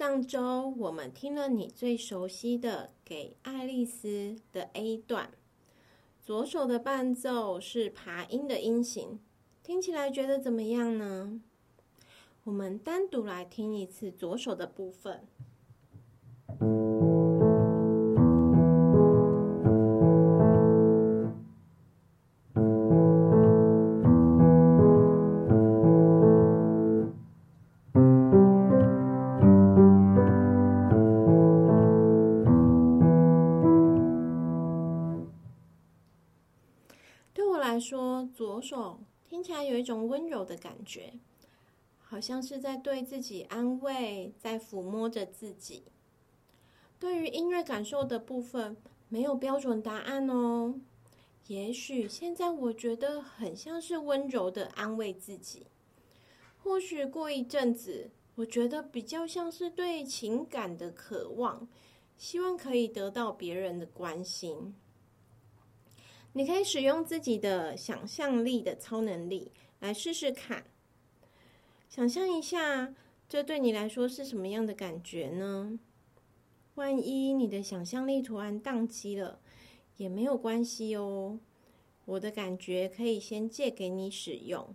上週我們聽了你最熟悉的《給愛麗絲》的 A 段，左手的伴奏是琶音的音型，聽起來覺得怎麼樣呢？我們單獨來聽一次左手的部分。對我來說，左手聽起來有一種溫柔的感覺，好像是在對自己安慰，在撫摸着自己。對於音樂感受的部分，沒有標準答案哦。也許現在我覺得很像是溫柔的安慰自己，或許過一陣子，我覺得比較像是對情感的渴望，希望可以得到別人的關心。你可以使用自己的想象力的超能力來試試看。想象一下，這對你來說是什麼樣的感覺呢？萬一你的想象力突然宕機了，也沒有關係哦。我的感覺可以先借給你使用，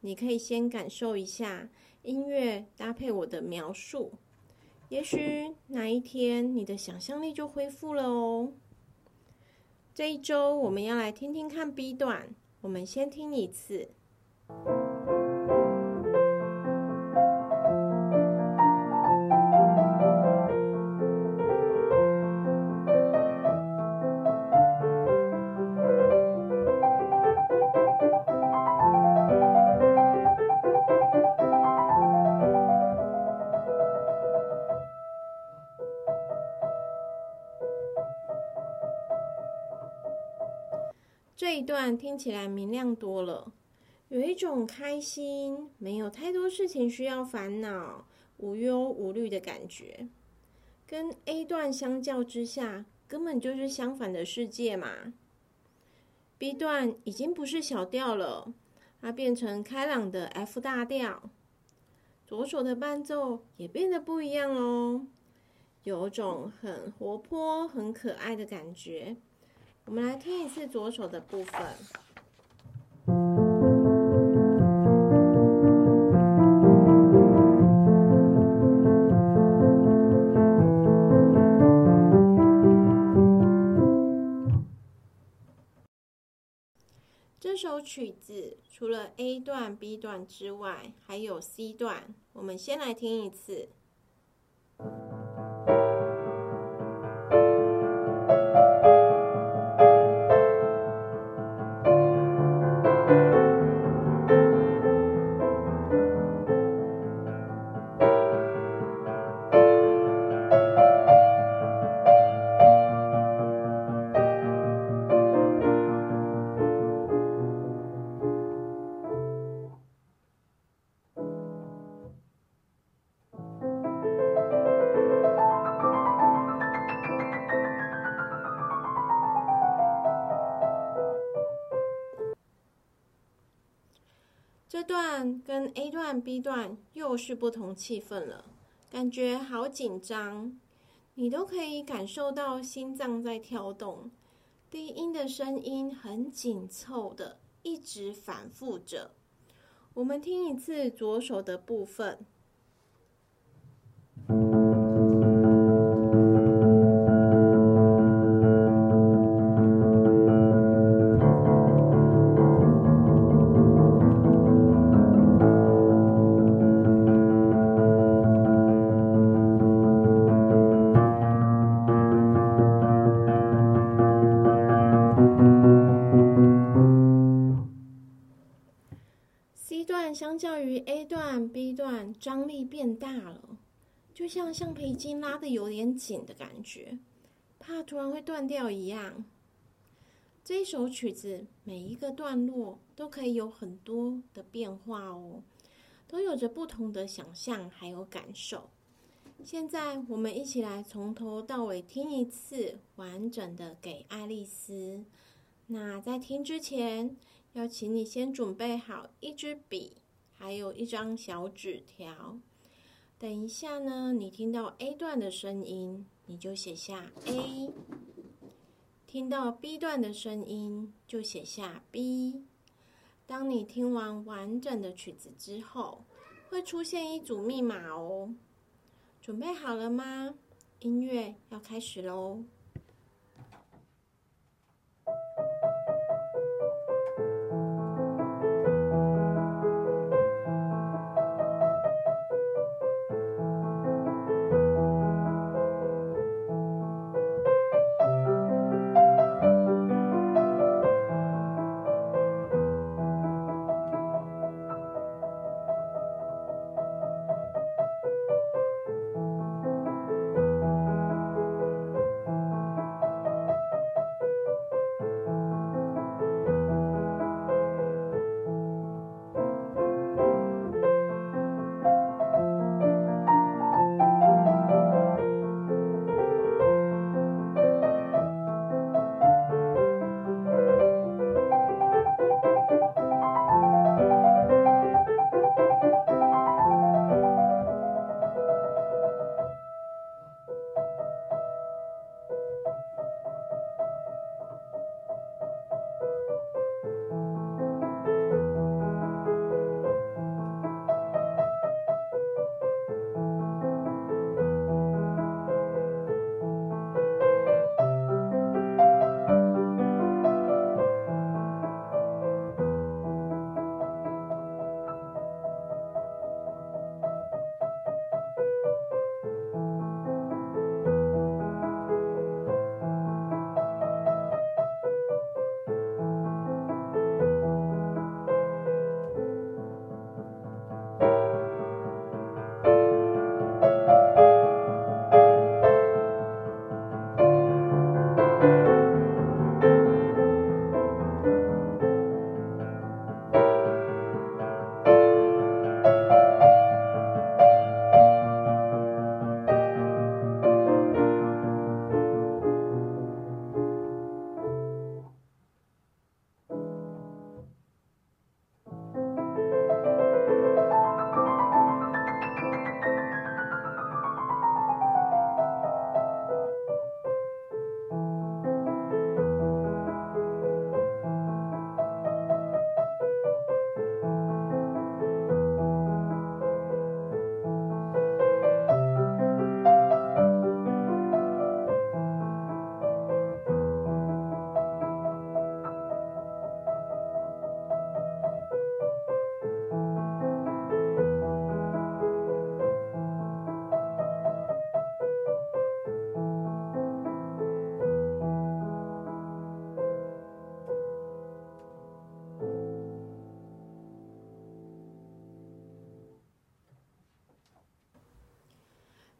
你可以先感受一下音樂搭配我的描述。也許哪一天你的想象力就恢復了哦。這一周我們要來聽聽看 B 段，我們先聽一次。這一段聽起來明亮多了，有一種開心，沒有太多事情需要煩惱，無憂無慮的感覺。跟 A 段相較之下，根本就是相反的世界嘛。B 段已經不是小調了，它變成開朗的 F 大調，左手的伴奏也變得不一樣嘍，有種很活潑、很可愛的感覺。我們來聽一次左手的部分。這首曲子除了 A 段、B 段之外，還有 C 段。我們先來聽一次。這段跟 A 段、B 段又是不同氣氛了，感覺好緊張，你都可以感受到心臟在跳動，低音的聲音很緊湊的，一直反覆着。我們聽一次左手的部分。段相較於 A 段、B 段，張力變大了，就像橡皮筋拉得有點緊的感覺，怕突然會斷掉一樣。這一首曲子每一個段落都可以有很多的變化哦，都有着不同的想象還有感受。現在我們一起來從頭到尾聽一次完整的《給愛麗絲》。那在聽之前，要請你先準備好一支筆，還有一張小紙條。等一下呢，你聽到 A 段的聲音，你就寫下 A；聽到 B 段的聲音，就寫下 B。當你聽完完整的曲子之後，會出現一組密碼哦。準備好了嗎？音樂要開始嘍！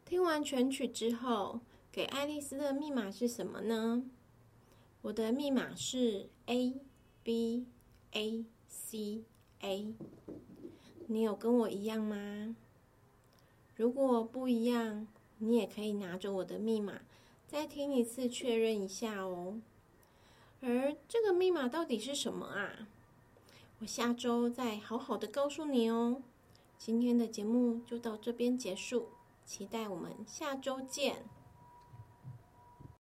聽完全曲之後，給愛麗絲的密碼是什麼呢？我的密碼是 A B A C A。你有跟我一樣嗎？如果不一樣，你也可以拿着我的密碼，再聽一次確認一下哦。而這個密碼到底是什麼啊？我下周再好好的告訴你哦。今天的節目就到這邊結束。期待我們下周見。